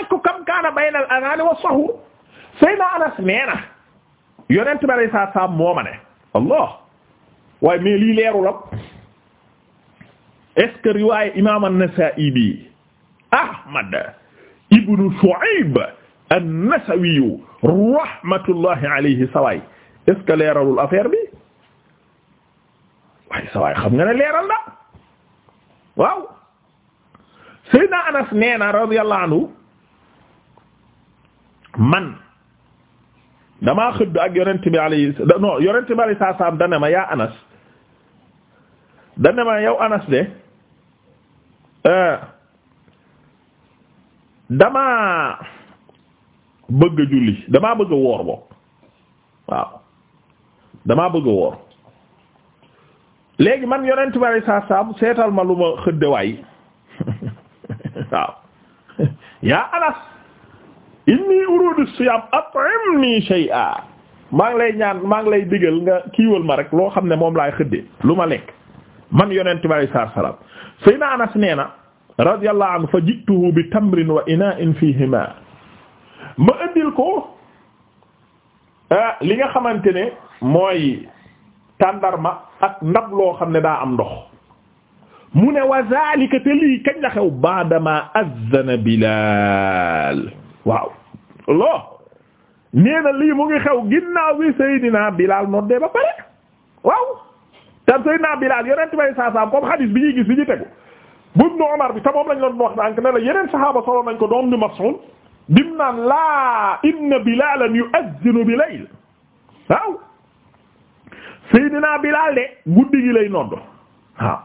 laaj ko kam kaana baynal adaan wa sahur Seydina Anas nee na yonent bi alayhi salaatu salaam moo ma ne Allah waaye mais lii leerul am est-ce que riwaaya imaam an-Nasaa'i bi Ahmad ibnu Shu'ayb an-Nasawi rahmatullahi alayhi sawaay est-ce que leeralul affaire bi waaye sawaay xam nga ne leeral na waaw Seydina Anas nee na radiyallahu anhu man damaa xëdd ak yonent bi alayhi non ma yaa anas dana ma yow anas de euh, damaa bëgg a julli damaa bëgg a woor bokk waaw damaa bëgg woor léegi man yonent bi alayhi seetal ma lu ma xëdde waay yaa anas inni uridu siyam at'imni shay'a maa ngi lay ñaan maa ngi lay digal nga kiiwal ma rek loo xam ne moom laay xëddee lu ma lekk man yonent bi alayhi salaatu salaam sayna anas nee na radiyallahu anhu fa jituhu bi tamrin wa ina'in fihima ma ëndil ko ah, li nga xamante ne mooy tàndarma ak ndab loo xam ne daa am ndox mu ne wa zalika te lii kañ la xew baadama azzana Bilaal waaw Allah nee lii mu ngi xew ginnaaw bi Seydina Bilal noddee ba pare waaw te Seydina Bilal yonent bay saasaam comme hadis bi ñuy gis bi ñu tegu bu Ibnu Umar bi te moom lañ doon wax dànk ne la yeneen saxaaba solo nañ ko doom ni Mas'ud bim naan laa inna Bilalan yu'adhdhinu bi layl waaw Seydina Bilal de guddi gi lay nodd waaw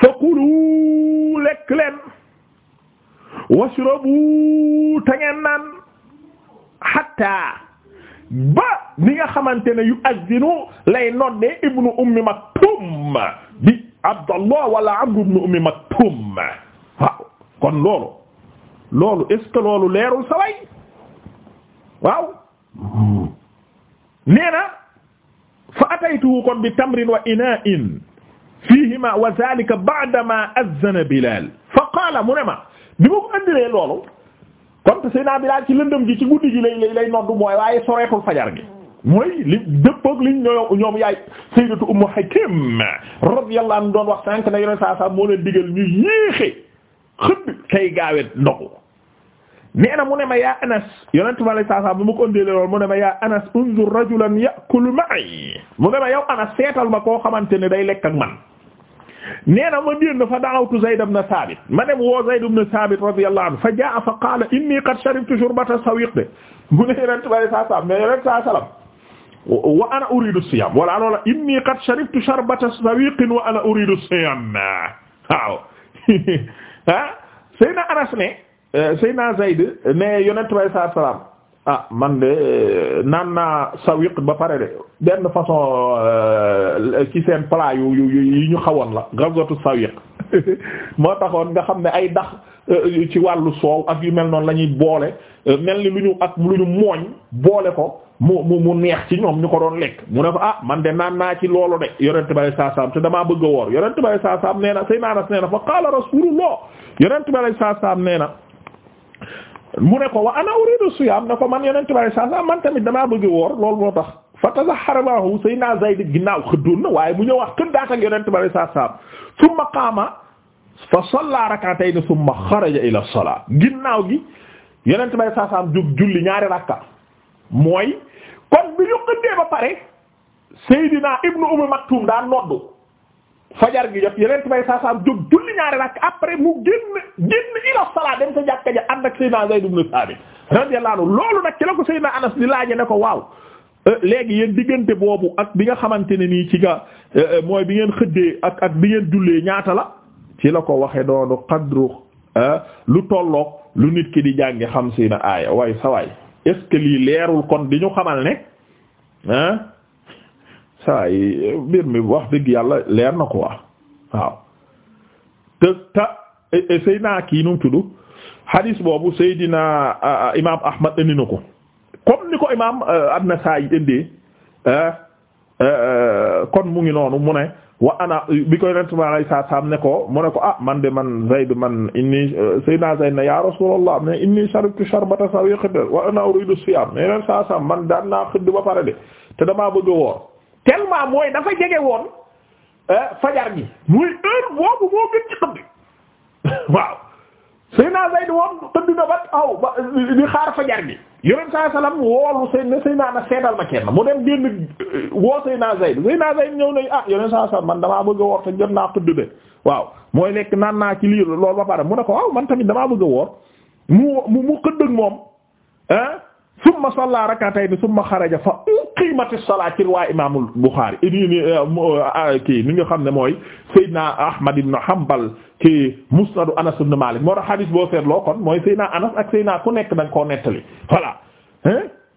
fa kulu lekk leen washrabu te ngeen naan hatta ba ni nga xamante ne yu azzinu lay nodde ibnu ummi maktum bi abdallah wala abdu ibnu ummi maktum waaw kon loolu loolu est ce que loolu leerul saway waaw nee na fa ataytuhu kon bi tamrin wa ina'in fihima wa zalika ba'dama azzana bilal fa qaala mu ne ma bi ma ko indilee loolu kon Seydina Bilaal ci lëndëm gi ci guddi gi lay lay lay noddu mooy waaye soreetul fajar gi mooy li dëppook liñ ñoo ñoom yaay Sayyidatu Ummu Hakim radiyallahu anha doon wax sànq na yoneen saa saa moo leen digal ñu yéexe xëdd kay gaawe ndogu nee mu ne ma yaa Anas yonentu ma lay saa saa bu ma ko ëndee lool mu ne ma yaa Anas unzur rajulan ya'kulu ma'i mu ne ma yow Anas seetal ma koo xamante ne day lekk ak man nee na ma génn fa da'awtu Zayd ibn Thabit ma dem woo Zayd ibn Thabit radiyallahu anhu fa jaa'a fa qaala inni qad sharibtu shurbata sawiq de mu ne Yonent bi saa salaam mais Yonent saa salaam wa ana uridu siyam wala loola inni qad sharibtu sharbata sawiqin wa ana uridu siyam waaw ah Seydina Anas ne eh, Seydina Zayd ne Yonent bi saa salaam ah man de euh, naan naa sawiq ba pare de benn façon euh, ci seen plat yu yu yu ñu xawoon la gazwatu sawiq moo taxoon nga xam ne ay dax euh, ci wàllu soow ak yu mel noonu la ñuy boole mel ni lu ñu ak lu ñu mooñ boole ko mu mu mu neex ci ñoom ñu ko doon lekk mu ne fa ah man de naan naa ci loolu de yonent bale saasaam te damaa bëgg a woor yonent bale saasaam nee na say naanas nee na fa qaala rasulullah yonent bale saasaam nee na mu ne ko wa ana uridu siyaam ne ko man yeneen tubaab yi saa man tamit damaa bëgg woor loolu moo tax fatazahhara ma'ahu naa Zayd ginnaaw xëddoon na waaye mu ñëwaat xëddaat ak yeneen tubaab yi saa saa summa qaama fa salla rak'atayn summa xaraja ila salaa ginnaaw gi yeneen tubaab ma saa saa jóg julli ñaari rakka mooy kon bi ñu xëddee ba pare Seydina Ibnu Umm Maktum daa noddu. fajar gi jot yeneen may saa saa jóg julli ñaari rakk après mu génn génn ila salaa dem sa jàkka ja ànd ak Seydina Zayd ibn Thabit radiyallahu anhu loolu nag ci la ko Seydina Anas di laaje ne ko waaw euh, léegi yéen diggante boobu ak bi nga xamante ne nii ci nga euh, euh, mooy bi ngeen xëddee ak ak bi ngeen jullee ñaata la ci la ko waxe doonu qadru lu tolloog lu nit ki di jànge xam si na aaya waay sa waay est leerul kon di ñu xamal ne saa yi mbir mi wax dëgg yàlla leer na ko wax waaw te ta e, e, Seydina kii nu mu tudd hadis boobu Seydina imaam Ahmad indi na ko ni ko imaam e, an-Nasaa'i indee kon mu ngi noonu mu ne wa bi koy rent ma saam ne ko mu ne ko ah man de man Zayd man inni Seydina Zayd na ya Rasuulallah mais inni sharibtu sharbata sawiq wa ana uridu siyaam mais ren saa man daan naa xëdd ba pare de te damaa bëgg a woor tellement mooy dafa jege woon euh, fajar gi muy heure boobu moo gën ci xëdd waaw Seydina Zayd woon xëdd na ba aw ba di xaar fajar gi yonent saa salaam woolu Seydina Seydina na seetal ma kenn mu dem génn euh, woo Seydina Zayd Seydina Zayd ñëw nañu ah yonent saa salaam man damaa bëgg a woor te jot naa xëdd de waaw mooy lekk naan naa ci lii loolu ba pare mu ne ko waaw man tamit damaa bëgg a woor mu mu mu xëdd ak moom ah summa salla rak'atayn summa xaraja fa qiimati salaat ci riwaaya imaamul Buxaari eh, eh, eh, ah, kii ni nga xam ne mooy Seydina Ahmad ibn Hanbal ci musnadu Anas ibn Maalik moo tax xadiis boo seetloo kon mooy Seydina Anas ak Seydina ku nekk da nga koo nettali voilà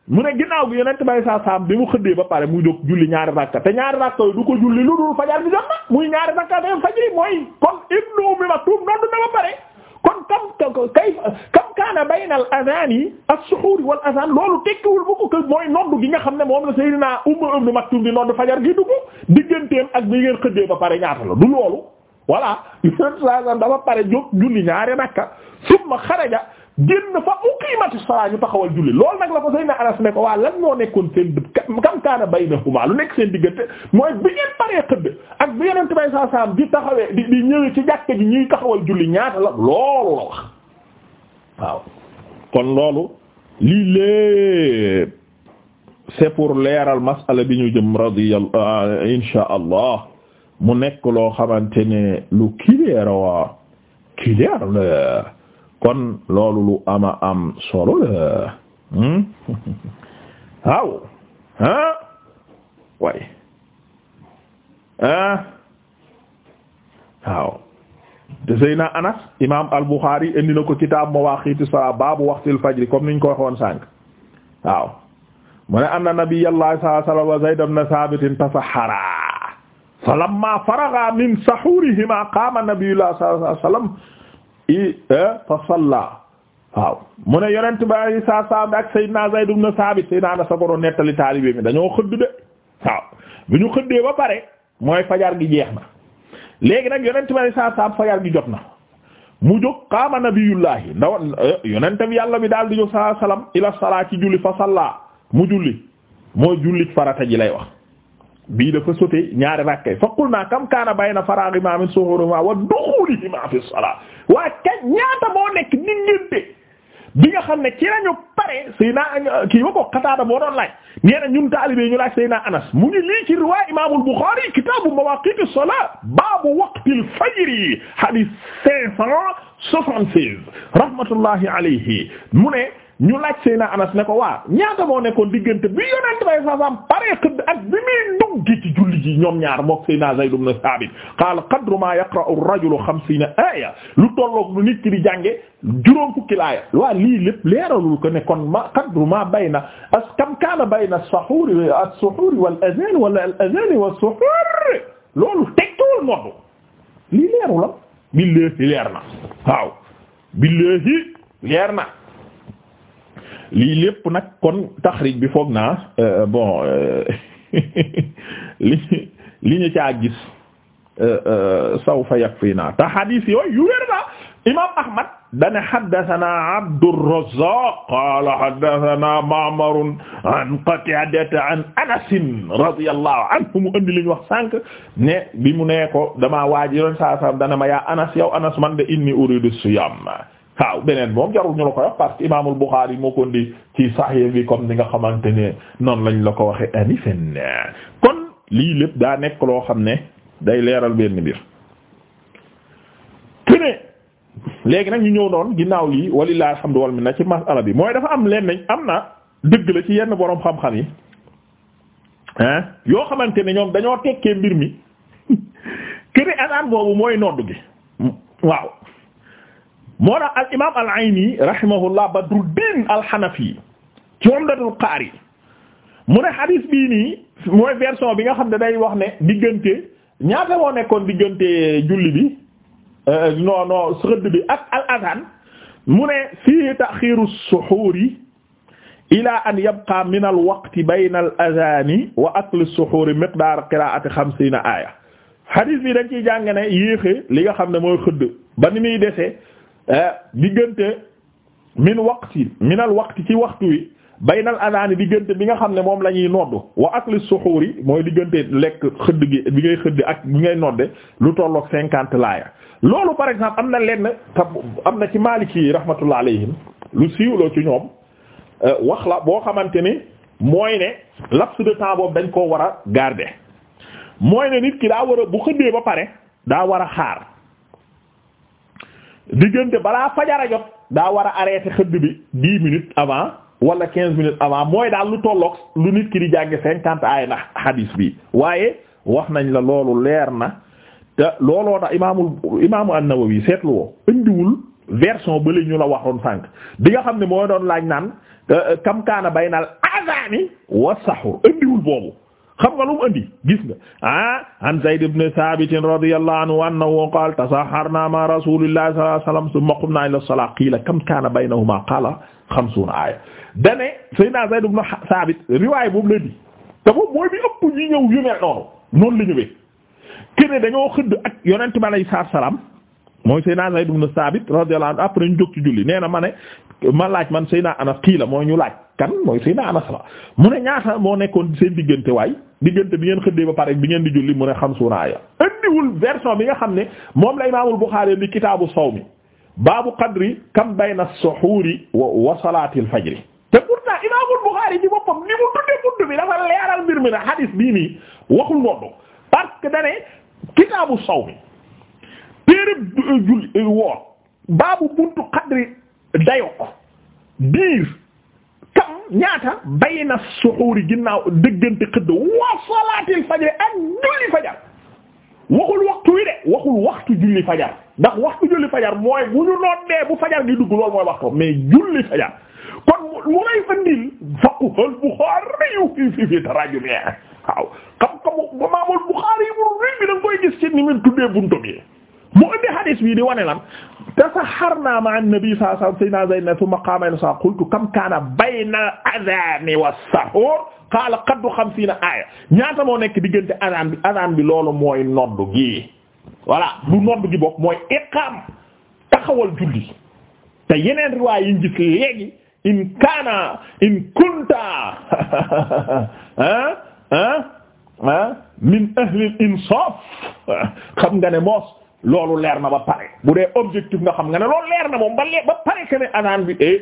mu ne ginnaaw gi yonent bay saa saam bi mu xëddee ba pare muy jóg julli ñaari rakka te ñaari rakka du ko julli lu dul fajar bi jot na muy ñaari rakka day fajri mooy kon Ibnu Ummi Maktum noddu na ba pare kon kam kay kam kaana bayna al adhaani as-suhuuri wal adhaan loolu tekkiwul bu ko mooy noddu gi nga xam ne moom la Seydina Umm ibn Maktum di noddu fajar gi dugg digganteem ak bi ngeen xëddee ba pare ñaata la du loolu voilà yonent sallallahu alayhi wasallam dafa pare jóg julli ñaari rakka summa xaraja génn fa uqiimati salaa ñu taxawal julli loolu nag la ko Seydina Anas ne waa lan moo nekkoon seen kam kaana baynahuma lu nekk seen diggante mooy bi ngeen paree xëdd ak bi yeneen bay saa saam di taxawee di di ci jàkka ji ñu taxawal julli ñaata la loolu la wax kon loolu lii lépp c'est pour leeral masala bi ñu jëm radiyallahu euh, insha allah mu nekk loo xamante ne lu kileer waa kileer la kon loolu lu ama am solo la hmm? waaw ah waay ah waaw Anas imaam al-Bukhari indi na ko kitaab mawaaqiitu salaa baabu waqtil fajri comme niñ ko waxoon sànq waaw mu ne anna nabiyallah sallallahu alayhi wa sallam wa Zayd ibn Thaabit min sahuurihima qaama nabiyullah sallallahu alayhi wa sallam i e, fa salla waaw mu ne yonent bi saa saa bi ak Seydina Zayd ibn Sabit Seydina Anas a ko doon nettali taalibe mi dañoo xëdd de waaw bu ñu xëddee ba pare mooy fajar gi jeex na léegi nag yonent bi saa saa fajar gi jot na mu jóg qaama nabiyullahi ndaw e, yonent bi yàlla bi daal di jóg saa salaam ila salaa ci julli fa mu julli mooy jullit farata ji lay wax. da dafa sote ñaari rakkay fa qulna kam kaana bayna faraaghima min suhurihima wa dukhulihima fi waa kañ ñaata moo nekk diggante bi nga xam ne ci lañu pare Seydina kii ba ko Qataada moo doon laaj nee na ñun taalibe ñu laaj Seydina Anas mu ngi lii ci riwaay Imaamul Buxaari kitaabu mawaaqiiti salaat baabu waqtil fajri hadith cinq cent soixante-seize rahmatullahi alayhi mu ne ñu laaj Seyna Anas ne waa ñaata moo nekkoon diggante bi yonent bay sasam paree bi muy duggi ci ñoom ñaar mook Seyna Zayd ibn Thabit qaala qadru ma yaqra'u ar-rajulu xamsiina aaya lu tolloog lu nit di jànge juróom fukki laaya waa lii lépp leeralul ko ne kon ma qadru as kam kaana bayna al-azaan was-suhuur loolu tegtuwul noddu lii leeru la billaahi leer na waaw billaahi leer lii lépp nag kon taxrij bi foog naa euh, bon euh, li li ñu caa gis euh, sawfa yakfiina te xadiis yooyu yu wér la imaam Ahmad dane haddasanaa Abdurrazzaaq qaala haddasanaa Ma'mar an Qataadata an Anas radiyallahu anhu mu andi li wax sànq ne bi mu nee ko damaa waaj yoon saa saa dana ma yaa Anas yow Anas man de inni uriidu siyaam waaw beneen moom jarul ñu la ko wax parce que imaamul Buxaari moo ko indi ci Sahih bi comme ni nga xamante ne noonu lañ la ko waxee anifan kon lii lépp daa nekk loo xam ne day leeral benn mbir ki léegi nag ñu ñëw noonu ginnaaw lii walillahi alhamdu wal na ci masala bi mooy dafa am leen am na dëgg la ci yenn boroom xam-xam yi ah yoo xamante ne ñoom dañoo tekkee mbir mi ki anaan boobu mooy nodd gi waaw moo tax al imaam al ayni rahimahullah badruddin al hanafi ci umdatul qaari mu ne hadith bii nii mooy version bi nga xam ne day wax ne diggante ñaata moo nekkoon diggante julli bi euh, non non bi ak al mu ne fii taxiiru suxuuri ila an yabqa min al waqti bayna al adhaani wa akli suxuuri miqdaar qiraa'ati xamsiina aaya hadith bi dañ ciy jàng ne li nga xam ne mooy xëdd ba ni muy dese. Eh, diggante min waqti minal waqti ci waxtu wi baynal adaani diggante bi nga xam ne moom lañuy ñuy noddu wa akli suxuuri mooy diggante lekk xëdd gi bi ngay xëdd ak bi ngay nodde lu tolloog cinquante laaya loolu par exemple am na lenn te am na ci Maliki yi rahmatullah alayhim lu siiwloo ci ñoom eh, wax la boo xamante ni mooy ne laps de temps boobu dañ koo war a garder mooy ne nit ki daa war a bu xëddee ba pare daa war a xaar diggante balaa fajara jot daa war a arrêté xëdd bi dix minutes avant wala quinze minutes avant mooy daal lu tolloog lu nit ki di jànge cinquante aay na hadis bi waaye wax nañ la loolu leer na te looloo tax imaamul imaamu an-Nawawi seetlu woo indiwul version ba ñu la waxoon sànq bi nga xam ne mooy doon laaj naan kam kaana baynal azaani wa sahur indiwul boobu xam nga lu mu andi gis nga ah an Zayd ibn Thabit radiyallahu anhu annahu qaala tasahharna ma rasulillahi sallallahu alayhi wasallam thumma qumna ila as-salati qila kam kana baynahuma qaala xamsuuna aaya dane Seydina Zayd ibn Thabit riwaay boobu la di mooy bi ëpp ñu ñëw yu mel noonu noonu la ñëwee kene dañoo xëdd ak yonent bi alayhi salaam mooy Seydina Zayd ibn Thabit radiyallahu anhu après ñu jóg ci julli nee na ma ne laaj man Seydina Anas kii la mooy ñu laaj kan mooy Seydina Anas la mu ne ñaata moo nekkoon seen diggante waay diggante bi ngeen xëddee ba pare bi ngeen di julli mu ne xamsuuna aaya indiwul version bi nga xam ne moom la Imaamul Buxaari di kitaabu sawmi baabu qadri kam bayna suxuuri wa salaatil fajri te pourtant Imaamul mbir mi na xadiis bii nii waxul noddu parce dane kitaabu sawmi péerib julli woor baabu buntu qadri dayok biir kam ñaata bayna suxuuri ginnaaw dëggante xëdd wa salaatil fajr ak julli fajar waxul waxtu wi de waxul waxtu julli fajar ndax waxtu julli fajar mooy bu ñu noddee bu fajar gi dugg loolu mooy waxtu mais julli fajar kon lu may fandil faqhul Bukhari yu fii fii fii yi bu rëy bi da nga koy gis ci mu tuddee buntu bi mu indi hadis bi lan tasaharna ma'a an-nabi sallallahu alayhi wa sallam sayyidina Zayd ne thumma qaama ila salaati qultu kam kaana bayna al-adhaani was-suhuur qaala qadru xamsiina aaya ñaata moo nekk diggante adaan bi adaan bi loolu mooy noddu gi voilà du noddu gi bokk mooy iqaam taxawal julli te yeneen riwaay yi ñu gis léegi in kaana in kunta ah ah ah min ahli al-insaaf xam nga ne moos. loolu leer na ba pare bu dee objectif nga xam nga ne loolu leer na moom ba leer ba pare que ne bi eh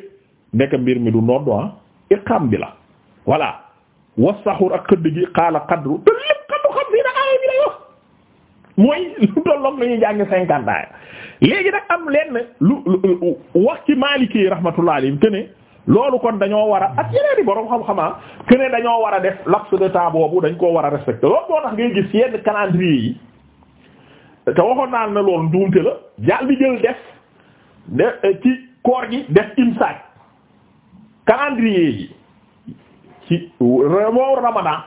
nekk mbir mi du noddu ah iqaam bi la voilà wasaxur ak këdd gi xaala qadru te lépp kaddu mooy lu tolloog la ñuy jàngi cinquante aaya léegi nag am lenn lu wax ci Maliki rahmatullah alayhi que ne loolu kon dañoo war a ak yeneen i borom xam-xamaa ah, que dañoo war a def laps de temps boobu dañ koo war a respecté loolu moo tax ngay gis yenn calendrier yi te waxoon naa na loolu njuumte la jàll di jël def de eh, ci koor gi def imsaak calendrier yi ci weeru ramadan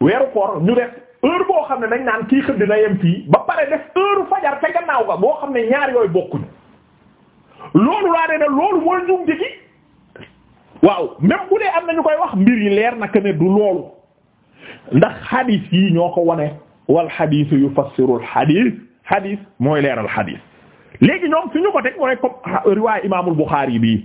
weeru koor ñu def heure boo xam ne dañ naan kii xëdd na yem fii ba pare def heure fajar te gannaaw ga boo xam ne ñaar yooyu bokkuñu loolu laa de na loolu mooy njuumte gi waaw même bu dee am na ñu koy wax mbir yi leer na que ne du loolu ndax hadith yi ñoo ko wone wal xadis yu fassirul xadis xadis mooy leeral xadis léegi ñoom fi ñu ko teg mooy comme riwaay imaamul Buxaari bii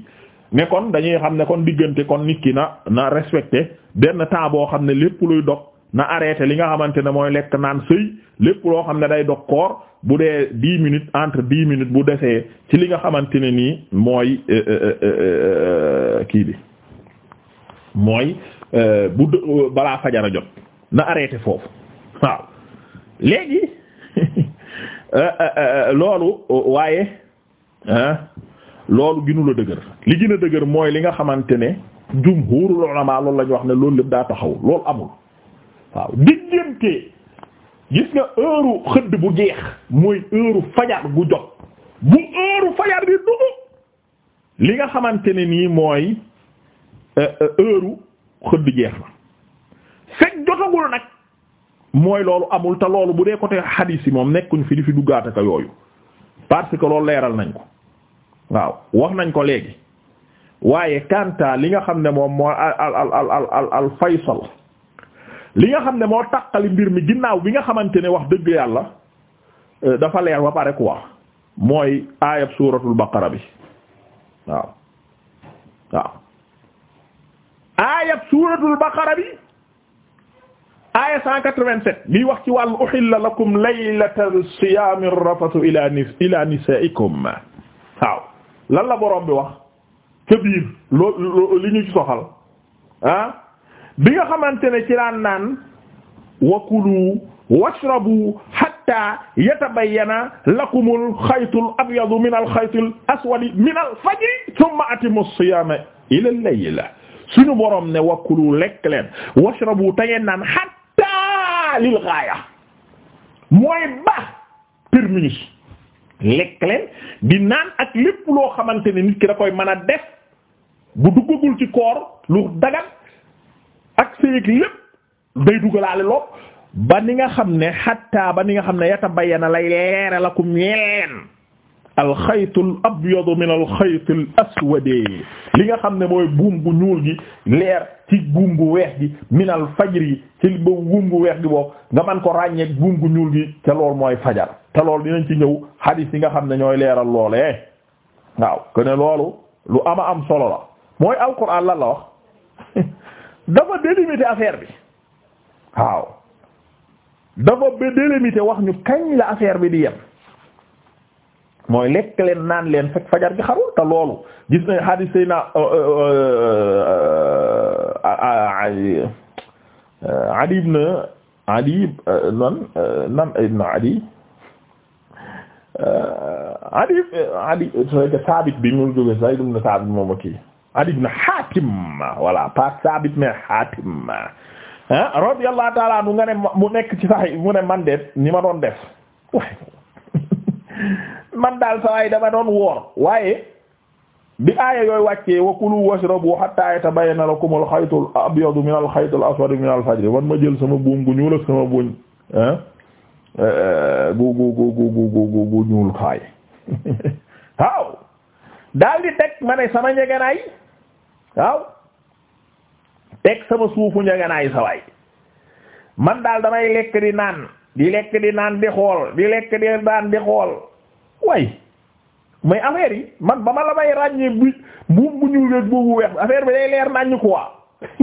ne kon dañuy xam ne kon diggante kon nit ki na na respecté benn temps boo xam ne lépp luy dog na arrêté li nga xamante ne mooy lekk naan sëy lépp loo xam ne day dog koor bu dee dix minutes entre dix minutes bu desee ci li nga xamante ne nii mooy euh, euh, euh, kii bi mooy bu balaa fajara jot na arrêté foofu léegi euh, euh, euh, loolu waaye loolu ginu la dëgër li gën a dëgër mooy li nga xamante ne jumhurul ulama loolu la ñu wax ne loolu lépp daa taxaw loolu amul waaw diggante gis nga heure xëdd bu jeex mooy heure fajar gu jot bu heure fajar bi dugg li nga xamante ne nii mooy heure xëdd jeex na fekk jotagul nag. mooy loolu amul te loolu bu dee côté xadiis yi moom nekkuñ fi di fi duggaat ak yooyu parce que loolu leeral nañ ko waaw wax nañ ko léegi waaye kanta li nga xam ne moom moo al al al al faysal li nga xam ne moo taqali mbir mi ginnaaw bi nga xamante ne wax dëgg yàlla euh, dafa leer ba pare quoi mooy aayab suuratul baqara bi waaw waaw aayab suuratul baqara bi. aaya 187 miy wax ci wàllu uhilla lakum laylatal siyaami rafatu ila ni ila nisaikum waaw lan la borom bi wax ca biir loo li ñu ci soxal ah bi nga xamante ne ci laan naan wakulu washrabu hatta yatabayyana lakumul xaytul abyadu minal xaytil aswadi minal fajri thumma atimu siyaama ilal layla suñu borom ne wakulu lekk leen washrabu ta ngeen naan aalil gaaya mooy ba terminus lekk leen di naan ak lépp loo xamante ne nit ki da koy mën a def bu duggagul ci koor lu dagal ak séyeg lépp day dugalaale lool ba ni nga xam ne xatta ba ni nga xam ne yata bayyana lay leere la ku ñeleen alxaytul abyadu min alxaytil aswadi li nga xam ne mooy buum gu ñuul gi leer ci buum gu weex gi min al fajri ci buum gu weex gi boobu nga man ko ràññeek buum gu ñuul gi te lool mooy fajar te lool dinañ ci ñëw hadith yi nga xam ne ñooy leeral loolee waaw que ne loolu lu am a am solo la mooy alquran lan la wax dafa délimité affaire bi waaw dafa délimité wax ñu kañ la affaire bi di yem. mooy lekk leen naan leen fekk fajar gi xarul te loolu gis nañ hadith sayna euh, euh, euh, Adi ibn Adi nan nan ibn Adi Adi Adi Saabit bi ñu jóge Zayd ibn Saabit moom ak kii Adi Hatim voilà pas Saabit mais Hatim ah radiyallahu ta'ala mu nga ne mu nekk ci sax mu ne man ni ma doon def man daal sa dama doon woor waaye bi aaya yooyu wàccee wa kulu washrabu hatta yatabayyana lakumul xaytul abyadu minal xaytil aswadi minal fajr man ma jël sama buum gu ñuul ak sama buñ euh, gu gu ma ne sama njeganaay waaw teg sama suufu njeganaay sa man daal damay lekk di naan di lekk di naan di xool di lekk di naan di xool way mais affaire yi man ba ma la may ràññee bu bu bu ñuul rek boobu weex bi day leer naññ quoi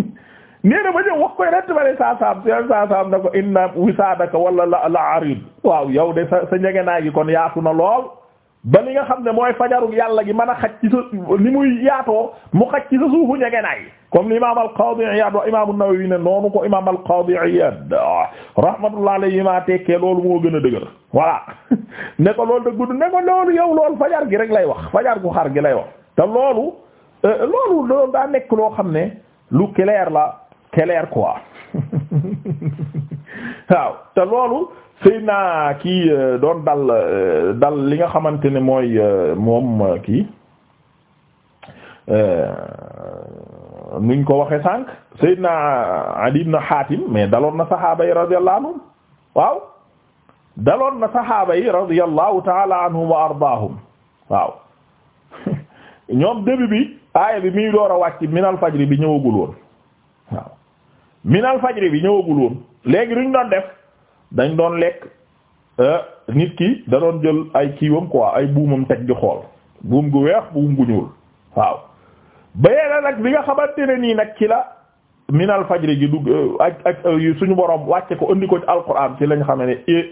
nee na ba ñëw wax koy rett bale saa saam saasaam na ko inna wisaadaka wala la la arid waaw yow de sa sa njege naa gi kon yaatu na lool ba li nga xam ne mooy fajaru yàlla gi man a xaj ci sa li muy yaatoo mu xaj ci sa suufu ñegenaay comme l'imam al-Qadi Iyad wa imam an-Nawawi ne noonu ko imam al-Qadi Iyad rahmatullah alayhi ma tekkee loolu moo gën a dëgër voilà ne ko loolu dëgg ne ko loolu yow loolu fajar gi rek lay wax fajar gu xar gi lay wax te loolu euh, loolu daa nekk loo xam ne lu clair la clair quoi waaw te loolu sëy naa kii euh, doon dal euh, dal li nga xamante ne mooy euh, moom kii nuñ ko waxe sànq Seydina Ali ibn Hatim mais daloon na saxaaba yi radiyallahu anhum waaw daloon na saxaaba yi radiyallahu ta'ala anhum wa ardaahum waaw ñoom début bi aaya bi miy door a wàcc minal fajri bi ñëwagul woon waaw minal fajri bi ñëwagul woon léegi luñ doon def dañ doon lekk euh, nit ki da doon jël ay kiiwam quoi ay buumam teg di xool buum gu weex buum gu ñuul waaw bayee la nag bi nga xamante ne nii nag ci la minal fajri gi dugg euh, ak ak euh, suñu borom wàcce ko indi ko ci alquran ci lañ xame ne é eh,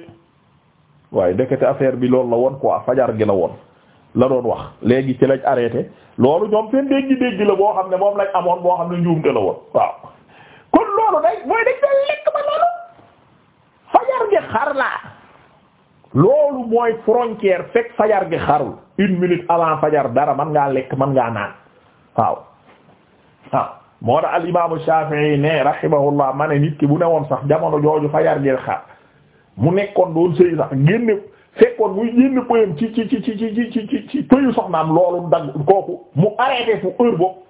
waaye ndekete affaire bi loolu la woon quoi fajar gi la woon la doon wax léegi ci lañ arrêté loolu ñoom seen dégg-dégg la boo xam ne moom lañ amoon boo xam ne njuumte la woon waaw kon loolu day mooy dañ doon lekk ba loolu fajar gi xar la loolu mooy frontière fekk fajar gi xarul une minute avant fajar dara man ngaa lekk man ngaa naan waaw waaw moo tax al imaamu Shafi'i ne rahimahullah ma nit ki bu ne woon sax jamono jooju fajar gi xar mu nekkoon doon sëy sax génne fekkoon muy génn pëyam ci ci ci ci ci ci ci pëyu loolu dagg kooku mu arrêté fu heure boobu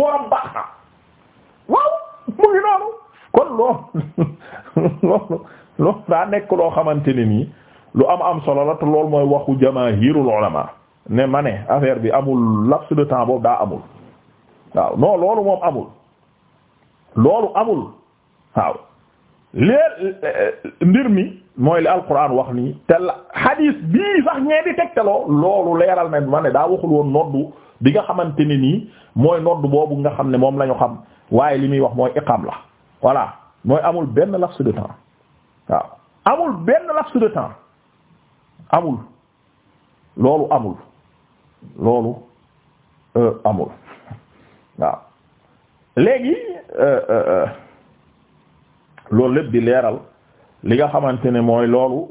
waram baax na waaw mu ngi kon loolu loolu loolu daa nekk loo xamante ne nii lu am am solo la te loolu mooy waxu jamaa jamaahirul ulama ne ma ne affaire bi amul laps de temps boobu daa amul waaw non loolu moom amul loolu amul waaw léer mbir mi mooy li alquran wax nii te la hadis bii sax ñee di tegtaloo loolu leeral na ma ne daa waxul woon noddu bi nga xamante ne nii mooy noddu boobu nga xam ne moom lañu xam waaye li muy wax mooy iqam la voilà mooy amul benn laps de temps waaw amul benn laps de temps amul loolu amul loolu euh, amul waaw léegi euh, euh, loolu lépp di leeral li nga xamante ne mooy loolu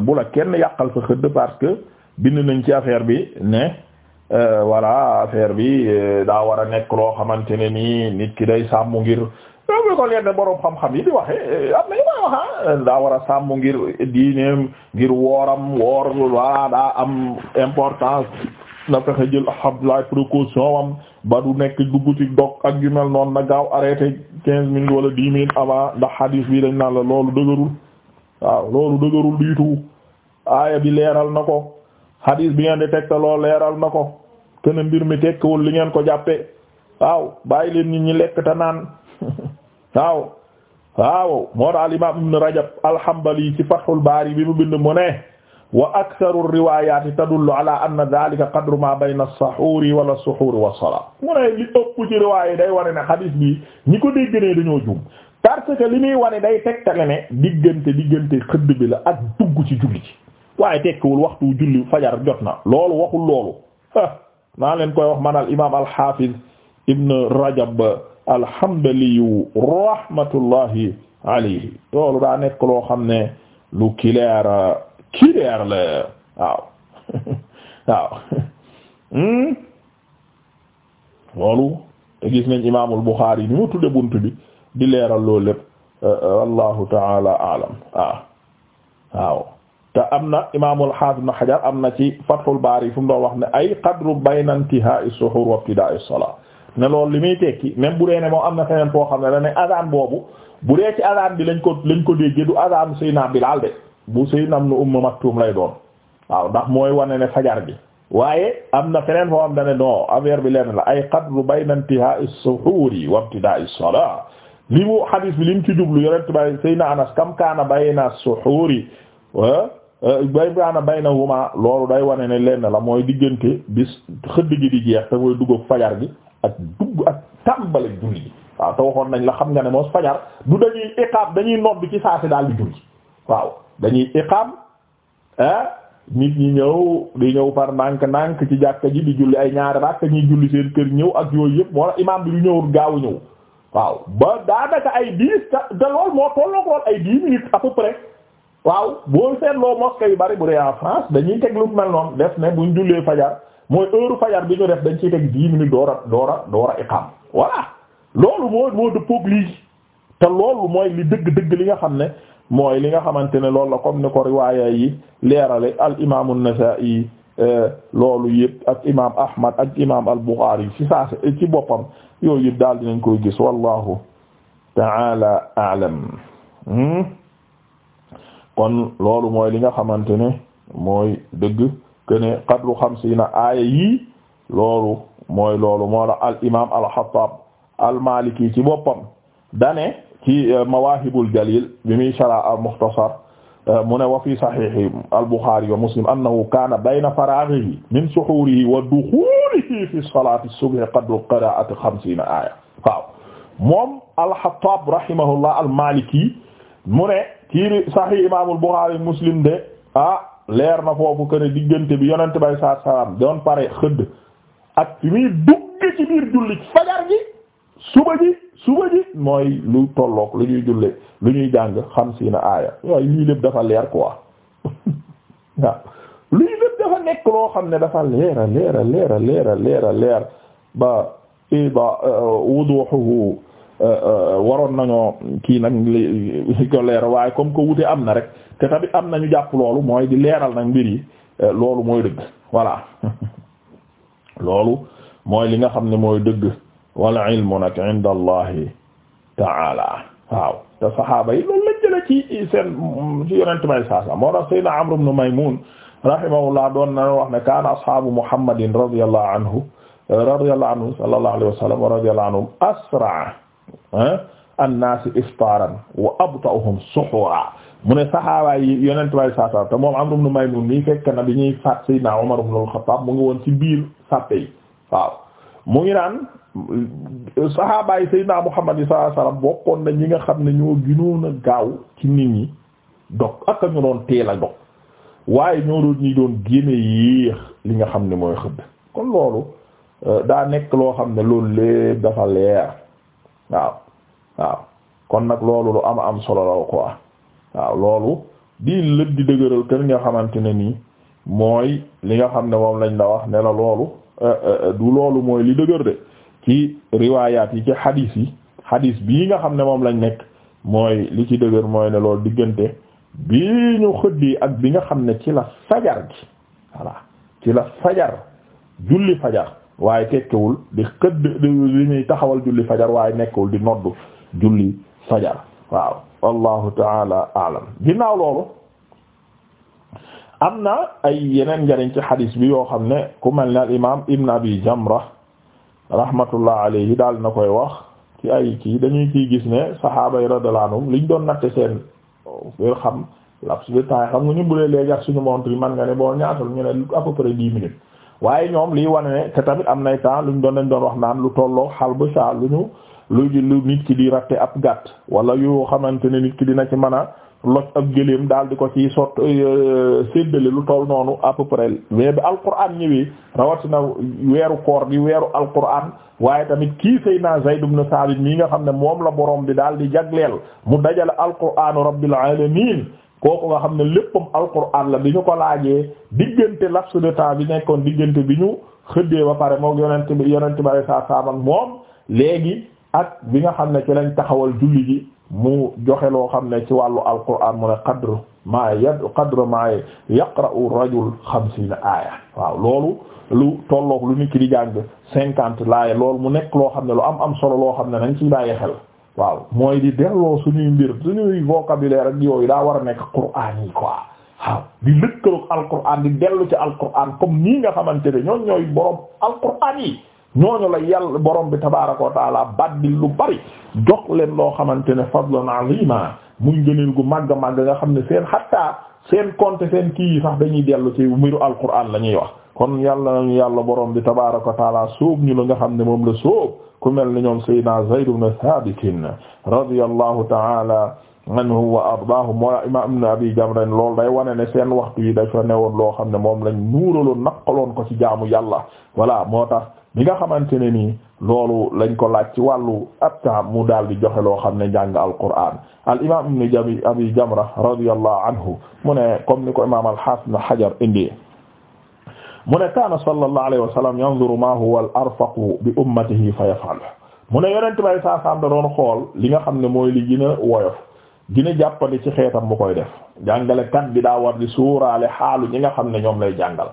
bu la kenn yàqal sa xëdd parce que bind nañ ci affaire bi ne voilà affaire bi daa war a nekk loo xamante ne nii nit ki day sàmm ngir loolu boroom xam yi eh, ah, war a sàmm ngir ngir wooram woor walla daa am importance na nekk dugg ci dog yu mel noonu na gaaw arrêté quinze bi dëgërul waaw loolu dëgërul diitu aaya bi leeral na ko xadiis bi ngeen di teg te leeral na ko te mbir mi tekkiwul li ngeen ko jàppe waaw bàyyi leen nit ñi lekk te naan waaw waaw moo daal imaam ibn Rajab al-Hanbali ci Fathul Baari bi mu bind mu ne wa aktharu riwaayaati tadullu ala anna dhaalika qadru maa bayna as-sahuuri wala as-suhuuri was-salaa mu ne li ëpp ci riwaaya day wane ne xadiis bi ñi ko dégg ne dañoo juum parce que li muy wane day tegtale ne diggante diggante xëdd bi la ak dugg ci julli ci waaye tekkiwul waxtu julli fajar jot na loolu waxul loolu ah naa leen koy wax man al imaam al-Haafiz ibn Rajab alhamduliyu rahmatullahi alayhi loolu daa nekk loo xam ne lu clair clair la waaw waaw hmm? loolu te gis nañ imaamul Buxaari ni mu tudde bunt bi di leeral loolu lépp euh, euh, wallahu taala alam waaw waaw am na imaamul Haafiz Ibn Hajar am na ci Fathul Baari fu mu doon wax ne ay qadru bayna intihaa'i suhuur wa ibtidaa'i salaa ne lool li muy tekki même bu dee ne moom am na feneen foo xam ne da ne boobu bu dee ci azan bi lañ ko lañ ko déggee du azan Seydina Bilaal de bu Seydina nu Ummu Maktum lay doon waaw ndax mooy wane ne fajar gi waaye am na feneen foo xam ne non affaire bi lenn la ay qadru bayna intihaa as-suhuuri wa ibtidaa as-salaa li mu hadis bi li mu ci jublu yorent bay Seydina Anas kam kaana bayna as-suhuuri bay baana baynahuma loolu day wane ne lenn la mooy diggante bis xëdd gi di jeex te mooy dugg fajar ak dugg ak tàmbale julli waaw te waxoon nañ la xam nga ne moos fajar du dañuy iqaam dañuy nodd ci saasi daal di julli waaw dañuy iqaam ah nit ñi ñëw di ñëw par nànk nank ci jàkka ji di julli ay ñaari rakk ñuy julli seen kër ñëw ak yooyu yëpp moo la imaam bi du ñëwul gaawu ñëw waaw ba daanaka ay dix te lool moo tolloog lool ay dix minutes à peu waaw boo seetloo mosquée yu bari bu dee en France dañuy teg lu mel noonu def ne buñ jullee fajar mooy heure fajar bi ñu def dañ ci teg dix minutes door a door a loolu moo moo dëppoog lii te loolu mooy li dëgg-dëgg li nga xam ne mooy li nga xamante ne loolu la kom ni ko riwaaya yi leerale al imaamu Nasaa'i euh, loolu yëpp ak imaam Ahmad ak imaam al Buxaari ci saa ci boppam yooyu yëpp daal dinañ koy gis wallahu ta'ala a'lam hmm? kon loolu mooy li nga xamante ne mooy dëgg. kene qadru xamsiina aaya yii loolu mooy loolu moo tax al imaam al xattaab al maaliki ci boppam dane ci euh, mawaahibul jalil bi muy shara al muxtasar euh, mu ne wa fi saxiixi al buxaari wa muslim annahu kaana bayna faraaxihi min suxuurihi wa duxuulihi fi salaati subhi qadru qiraa'ati xamsiina aaya waaw moom al xattaab rahimahullah al maaliki mu ne ci saxiix imaamul buxaari muslim de ah. leer na foofu que ne diggante bi yonent bay saa salaam doon pare xëdd ak fi muy dugg ci biir julli fajar gi suba ji suba ji mooy lu tollook lu ñuy julle lu ñuy jàng xam si aaya waaye lii lépp dafa leer quoi waaw lii lépp dafa nekk loo xam ne dafa leera leera leera leera leera leer ba i eh, ba eh, waroon nañu kii nag li ko leer waaye comme que wute am na rek te tamit am nañu jàpp loolu mooy di leeral nag mbir yi euh, loolu mooy dëgg voilà loolu mooy li nga xam ni mooy dëgg wala ilmu nag inda allahi taala waaw te saxaaba yi loolu lañ jële ci seen ci yonent may saasa moo tax saydna amr ibn maymun rahimahullah doon na wax ne kaana ashaabu muhammadin radiyallahu anhu radiyallahu anhu sallallahu alayhi wa sallam annaasi iftaran wa abta'uhum suhura mu ne saxaaba yi yonent way sasa te moom Amr ibn Maymun mii fekk na bi ñuy faat Seydina Umar ibn al-Khattab mu ngi woon ci biir sàppe yi waaw mu ngi naan saxaaba yi Seydina Muhammad sallallahu alayhi wasallam bokkoon na ñi nga xam ne ñoo gënoon a gaaw ci nit ñi dog ak ñu doon teel a dog waaye ñoo doon ñi doon génne yéex li nga xam ne mooy xëdd kon loolu euh, daa nekk loo xam ne loolu lépp dafa leer waaw waaw kon nag loolu lu am am solo la quoi waaw loolu di lët di dëgëral kër nga xamante ne nii mooy li nga xam ne moom lañ la wax ne la loolu euh, euh, du loolu mooy li dëgër de ci riwaayaat yi ci xadiis yi hadis bii nga xam ne moom lañ nekk mooy li ci dëgër mooy ne loolu diggante bii ñu xëddee ak bi nga xam ne ci la fajar gi voilà ci la fajar julli fajar waaye tekkewul di xëdd li ñuy taxawal julli fajar waaye nekkewul di noddu julli fajar waaw wallahu taala alam ginnaaw loolu am na ay yeneen njariñ ci xadiis bi yoo xam ne ku mel ne al imaam ibn abi jamra rahmatullah alayhi daal na koy wax ci ay kii dañuy ciy gis ne sahaaba yi radiyallahu anhum liñ doon natte seen wér xam laps de temps xam nga ñu bulee léegi ak suñu montre yi man nga ne boo ñaatal ñu ne à peu près dix waaye ñoom lii wane ne te tamit am nay temps luñ doon dañ doon wax naan lu tolloo xal bu sa lu ñu lu lu nit ki di ratte ab gàtt wala yoo xamante ne nit ki dina ci mën a loj ak gëléem daal di ko ci sot euh, séddale lu toll noonu à peu mais bi alquran ñëwee na weeru koor di weeru alquran waaye tamit kii naa Seydina Zayd na Sabit mii nga xam ne moom la boroom bi daal di jagleel mu dajale alquranu rabbil alamin kooku nga xam ne léppam alquran la bi ñu ko laajee diggante laps de temps bi nekkoon diggante bi ñu xëddee ba pare moom yonent bi yonent bare saa saaman moom léegi ak bi nga xam ne ci lañ taxawal julli ji mu joxe loo xam ne ci wàllu alquran mu ne qadr ma yad qadr ma yaqra'u rajul xamsiina aaya waaw loolu lu tolloog lu nit ki di jàng cinquante laaya loolu mu nekk loo xam ne lu am am solo loo xam ne nañ ci bàyyi xel waaw mooy di delloo suñuy mbir suñuy vocabulaire ak yooyu daa war a nekk quraan yi quoi waaw di lëkkaloog alquraan di dellu ci alquraan comme nii nga xamante ne ñooñ ñooy borom alquraan yi ñooñu la yàlla borom bi tabaaraka wa taala baddil lu bari jox leen loo xamante ne fadlan alima muy ngëneel gu màgg màgg nga xam ne seen xattaa seen compte seen kii yi sax dañuy dellu ci mbiru alquran la ñuy wax kon yàlla nañu yàlla boroom bi tabaaraka wa taala sóob ñu la nga xam ne moom la sóob ku mel ni ñoom Seydina Zayd ibn Thabit radiyallahu taala anhu wa ardaahu mooy imaam ibn Abi Jamra lool day wane ne seen waxtu yi dafa woon loo xam ne moom lañ nuuraloon naqaloon ko ci jaamu yàlla voilà moo tax ñi nga xamante ne nii loolu lañ ko laaj ci wàllu abta mu daal di joxe loo xam ne njàng alquran al imam ibn jabi abi jamra radiyallahu anhu mu ne comme ni ko imam al-hafiz ibn hajar mu ne kaana sallallahu alayhi wa sallam yanzuru ma huwa al arfaqu bi ummatihi fa yaf'alu mu ne yonent bay saasaam da xool li nga xam ne mooy li gën a woyof gën jàppandi ci xeetam mu koy def jàngalekat bi daa war di suuraale xaalu ñi nga xam ne ñoom lay jàngal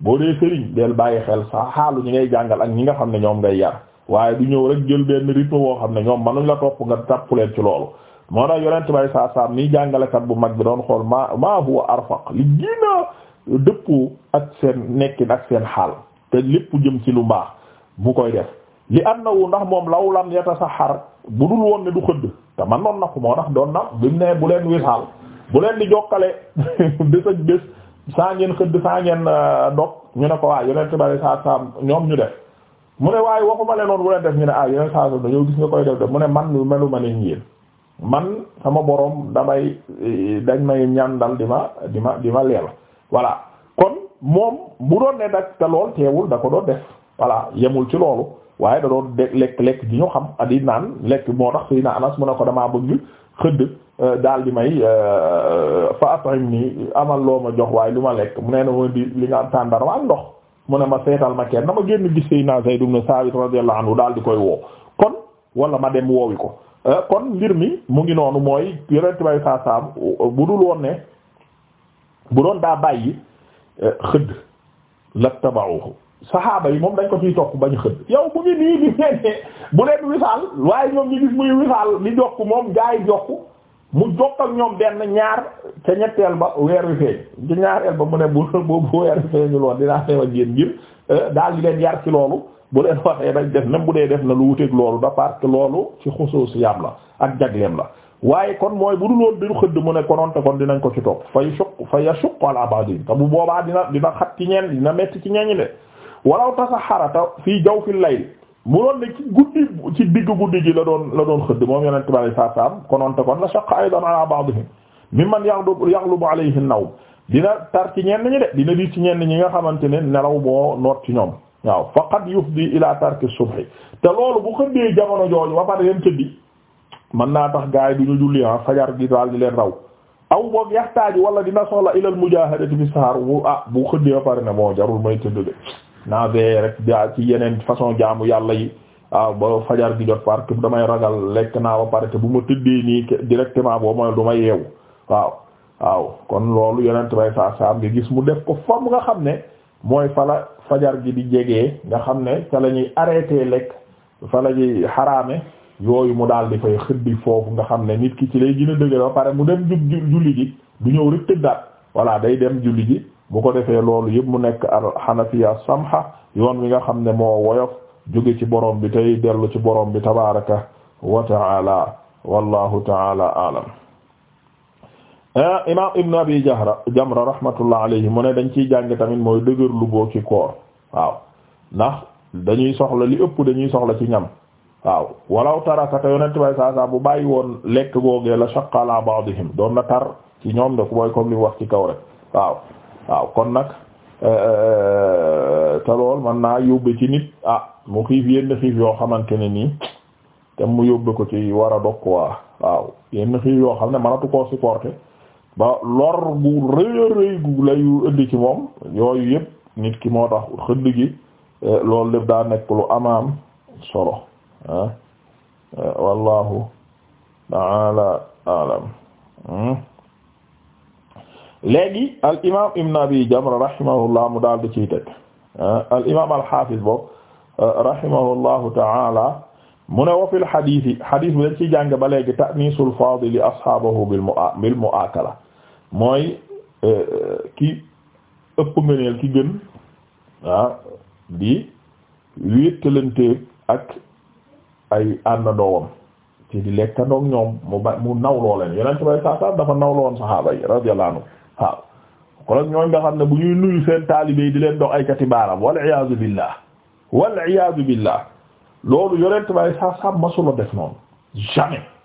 boo dee sëriñ del bàyyi xel sa xaalu ñi ngay jàngal ak ñi nga xam ne ñoom ngay yar waaye du ñëw rek jël benn rythme woo xam ne ñoom manuñ la topp nga tàpp leen ci loolu moo tax yonent bay saa saam nii jàngalekat bu mag bi doon xool maa maa huwa arfaq li gina dëppoo ak seen nekki ak seen xaal te lépp jëm ci lu mbaax mu koy def li annahu ndax moom law lam yatasaxar bu dul woon ne du xëdd te man noon na ko moo tax doon na bi mu ne bu leen wisaal bu leen di jokkale bés saa ngeen xëdd saa ngeen euh, dog ñu ne ko waa yonent bari saa saa ñoom ñu def mu ne waaye waxuma leen noonu bu leen def ñu ne ah yonent saa saa dañoo gis nga koy def de mu ne man lu meluma ne ngeen man sama boroom damay eh, dañ may ñaan dal di ma di ma di ma leel voilà kon moom bu doon ne dak te lool teewul da ko doon def voilà yemul ci loolu waaye da doon lekk lekk di ñu xam adi naan lekk moo tax suy na anas mu ne ko damaa bëgg xëdd euh, daal di may euh, fa atim nii amal loo ma jox waaye lu ma lekk mu nee na woon di li nga am tàndarma ak ndox mu ne ma seetal ma kenn na ma génn gis say na Zayd ibn Sabit radiyallahu anhu daal di koy woo kon wala ma dem woowi ko euh, kon mbir mi mu ngi noonu mooy yonent bay saa saam bu dul woon ne bu doon daa bàyyi xëdd la tabaxu saxaaba yi moom dañ ko ciy topp bañ xëdd yow bu ngi nii di nenne bu leen wisaal waaye ñoom ñu gis muy wisaal li jokk moom gaay jokk mu jokk ak ñoom benn ñaar ca ñetteel ba weer wi feeñ ci ñaareel ba mu ne bu bu weer wi feeñu lool dinaa feewa géen ngir euh, daal di leen yar ci loolu bu leen waxee dañ def même bu dee def na lu wuteeg loolu da parce que loolu ci xusuusiyam la ak jagleem la waaye kon mooy bu dul woon du xëdd mu ne konoonte kon dinañ ko ci topp fay suq bu boobaa dina dina xat ci ñeen dina walaw tasaxarata fii jawfil layl mu doon ne ci guddi ci digg guddi ji la doon la doon xëdd moom yonent bi saa saam kononte kon la shaqqa aydan ala ba'dihim mimman yaghlubu yaghlubu alayhi an-nawm dina tar ci ñi de dina di ci ñenn ñi nga xamante ne nelaw moo noot ci ñoom waaw faqad yufdi ila tarki subhi te loolu bu xëddee jamono jooju ba pare leen tëddi mën naa tax gaay du ñu julli ah fajar gi daal di leen raw aw boog yaxtaaji wala dina soxla ilal mujaahadati fi sahar bu ah bu xëddee ba pare ne moo jarul may tëdd naa rek jaa ci yeneen façon jaamu yàlla yi waaw ba fajar gi jot parce damay ragal lekk naa ba pare te bu ma tëddee nii directement boo mooy du ma yeewu waaw waaw kon loolu yonent bay saa saa am nga gis mu def ko fam nga xam ne mooy fala fajar gi di jegee nga xam ne fa la ñuy arrêté lekk fa la ñuy xaraame yooyu mu daal di fay xëddi foofu nga xam ne nit ki ci lay gën a dëgër ba pare mu dem jub julli ji du ñëw rek tëddaat voilà day dem julli ji bu ko defee loolu yëpp mu nekk al xanafiya samha yoon wi nga xam ne moo woyof jóge ci borom bi tey dellu ci borom bi tabaraka wa taala wallahu taala alam ah, imam ibn abi jahra jamra rahmatullah alayhi mu ne dañ ciy jàng tamit mooy dëgër lu boo ci koor waaw ndax dañuy soxla li ëpp dañuy soxla ci ñam waaw walaw tarakata yonent bay saasaa bu bàyyi woon lekk googee la shaqqa ala ba'dihim doon na tar ci ñoom de ku boy comme li wax ci kaw rek waaw waaw kon nag euh, euh, te lool man naa yóbbe ci nit ah mu xiif yenn xiif yoo xamante ne nii te mu yóbbe ko ci war a dog waaw yenn xiif yoo xam ne manatu ko supporter ba lor gu rëy rëy gu layu indi ci moom yooyu yëpp nit ki moo tax xëdd gi euh, loolu lépp daa nekk lu amaam solo ah wallahu ta'ala alam hmm? léegi al imaam ibn abi jamra rahimahullah mu daal di ciy ah, al imaam al hafiz boobu ah, ta'ala mu ne wa fil hadith yi hadith bi dañ ciy jàng ba léegi ta'nisul fadili ashaabahu bil mu bil mooy eh, ki ëpp ngëneel ki gën ah di wéttalanteeg ak ay àndandoowam ci di lekkandoog ñoom mu ba mu bay saa dafa nawloon saxaaba yi radiyallahu anhu waaw kon ñooñ nga xam ne bu ñuy nuyu seen taalibe yi di leen dox ay kati baaram wal iyaazu billah wal iyaazu billah loolu yonent bay sa sa masula def noonu jamais